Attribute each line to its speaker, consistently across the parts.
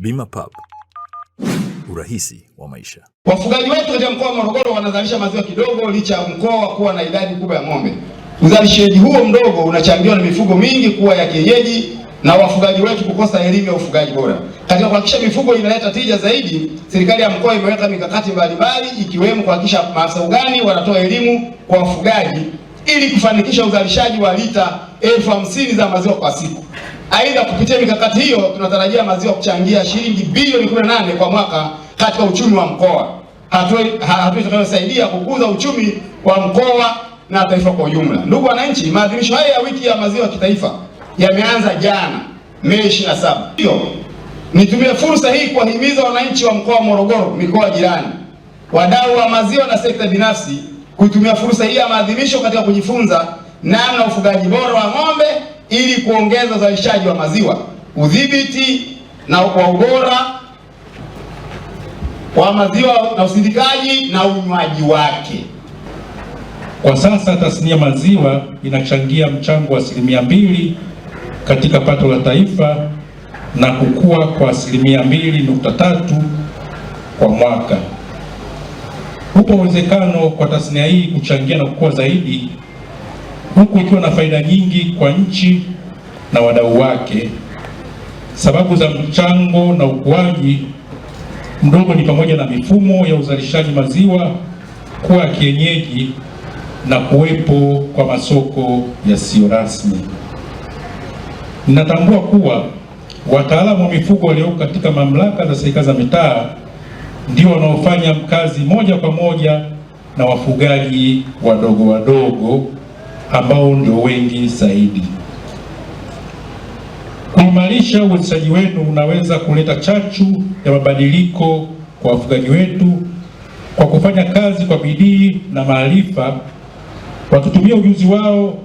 Speaker 1: Bima Pub, urahisi wa maisha.
Speaker 2: Wafugaji wetu katika mkoa wa Morogoro wanazalisha maziwa kidogo licha ya mkoa kuwa na idadi kubwa ya ng'ombe. Uzalishaji huo mdogo unachangiwa na mifugo mingi kuwa ya kienyeji na wafugaji wetu kukosa elimu ya ufugaji bora. Katika kuhakikisha mifugo inaleta tija zaidi, serikali ya mkoa imeweka mikakati mbalimbali ikiwemo kuhakikisha maafisa ugani wanatoa elimu kwa wafugaji ili kufanikisha uzalishaji wa lita elfu hamsini za maziwa kwa siku. Aidha, kupitia mikakati hiyo tunatarajia maziwa kuchangia shilingi bilioni 18 kwa mwaka katika uchumi wa mkoa, hatua itakayosaidia kukuza uchumi wa mkoa na taifa kwa ujumla. Ndugu wananchi, maadhimisho haya ya wiki ya maziwa ya kitaifa yameanza jana Mei 27. Hiyo nitumie fursa hii kuwahimiza wananchi wa mkoa wa Morogoro, mikoa jirani, wadau wa maziwa na sekta binafsi kuitumia fursa hii ya maadhimisho katika kujifunza namna ufugaji bora wa ng'ombe ili kuongeza uzalishaji wa maziwa, udhibiti na kwa ubora wa maziwa na usindikaji na unywaji wake.
Speaker 3: Kwa sasa tasnia maziwa inachangia mchango wa asilimia mbili katika pato la taifa na kukua kwa asilimia mbili nukta tatu kwa mwaka. Upo uwezekano kwa tasnia hii kuchangia na kukua zaidi huku ikiwa na faida nyingi kwa nchi na wadau wake. Sababu za mchango na ukuaji mdogo ni pamoja na mifumo ya uzalishaji maziwa kuwa kienyeji na kuwepo kwa masoko yasiyo rasmi. Ninatambua kuwa wataalamu wa mifugo walioko katika mamlaka za serikali za mitaa ndio wanaofanya mkazi moja kwa moja na wafugaji wadogo wadogo ambao ndio wengi zaidi. Kuimarisha uwekezaji wenu unaweza kuleta chachu ya mabadiliko kwa wafugaji wetu kwa kufanya kazi kwa bidii na maarifa, watutumia ujuzi wao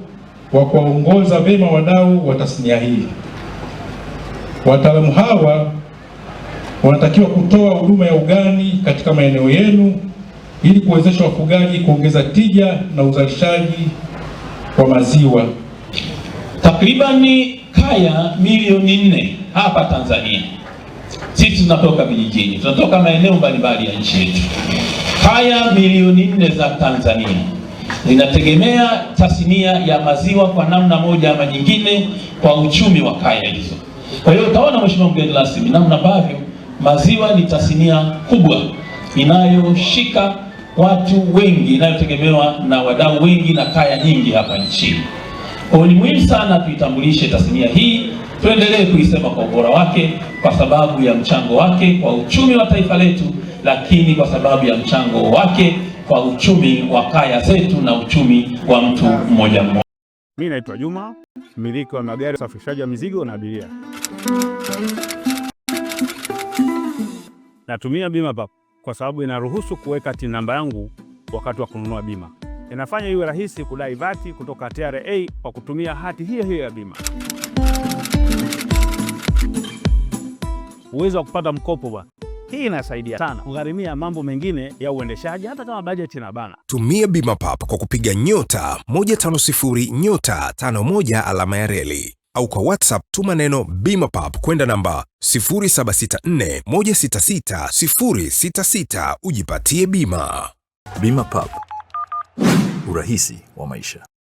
Speaker 3: wa kuwaongoza vyema wadau wa tasnia hii. Wataalamu hawa wanatakiwa kutoa huduma ya ugani katika maeneo yenu ili kuwezesha wafugaji kuongeza tija na uzalishaji kwa maziwa
Speaker 4: takribani kaya milioni nne hapa Tanzania. Sisi tunatoka vijijini, tunatoka maeneo mbalimbali ya nchi yetu. Kaya milioni nne za Tanzania zinategemea tasnia ya maziwa kwa namna moja ama nyingine, kwa uchumi wa kaya hizo. Kwa hiyo utaona, mheshimiwa mgeni rasmi, namna ambavyo maziwa ni tasnia kubwa inayoshika watu wengi, inayotegemewa na wadau wengi na kaya nyingi hapa nchini. Kwa ni muhimu sana tuitambulishe tasnia hii, tuendelee kuisema kwa ubora wake, kwa sababu ya mchango wake kwa uchumi wa taifa letu, lakini kwa sababu ya mchango wake kwa uchumi wa kaya zetu na uchumi wa mtu mmoja mmoja.
Speaker 5: Mimi naitwa Juma, mmiliki wa magari, usafirishaji wa mizigo na abiria. Natumia bima papo kwa sababu inaruhusu kuweka TIN namba yangu wakati wa kununua bima. Inafanya iwe rahisi kudai vati kutoka TRA kwa kutumia hati hiyo hiyo ya bima. Uwezo wa kupata mkopo bwana, hii inasaidia sana kugharimia mambo mengine ya uendeshaji, hata kama bajeti na bana.
Speaker 6: Tumia bima pap kwa kupiga nyota 150 nyota 51 alama ya reli au kwa WhatsApp tuma neno Bima Pap kwenda namba 0764166066 ujipatie bima.
Speaker 1: Bima Pap, urahisi wa maisha.